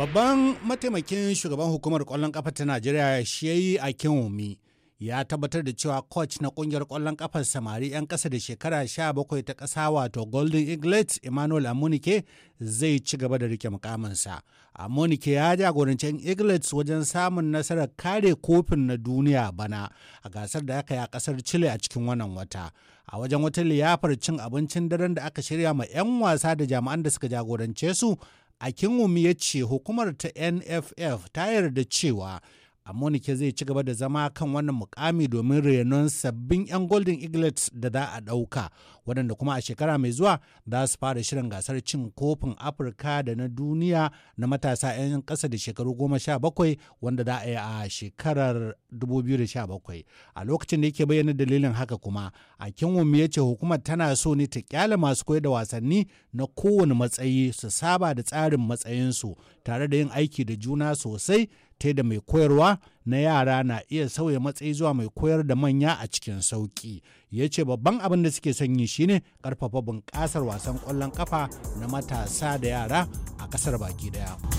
Babban mataimakin shugaban hukumar kwallon kafa ta Najeriya a Akinwumi ya tabbatar da cewa coach na kungiyar kwallon kafar samari 'yan ƙasa da shekara 17 ta ƙasa wato Golden Eagles Emmanuel Amunike zai ci gaba da rike mukaminsa. Amunike ya jagoranci 'yan Eaglets wajen samun nasarar kare kofin na duniya bana a gasar da aka yi a ƙasar Chile a cikin wannan wata. a wajen wata liyafar cin abincin daren da aka shirya ma 'yan wasa da jami'an da suka jagorance su Akinwumi ya ce hukumar ta NFF ta yarda cewa Amonike zai ci gaba da zama kan wannan mukami domin renon sabbin 'yan Golden Eaglets da za a ɗauka, waɗanda kuma a shekara mai zuwa za su fara shirin gasar cin kofin Afirka da na duniya na matasa 'yan ƙasa da shekaru goma sha bakwai wanda za a yi a shekarar 2017. A lokacin da yake bayyana dalilin haka kuma, a Kinwumi ya ce hukumar tana so ne ta kyale masu koyar da wasanni na kowane matsayi su saba da tsarin matsayinsu tare da yin aiki da juna sosai ta da mai koyarwa na yara na iya sauya matsayi zuwa mai koyar da manya a cikin sauƙi ya ce babban abin da suke son yi shine karfafa bunƙasar wasan ƙwallon ƙafa na matasa da yara a ƙasar baki daya.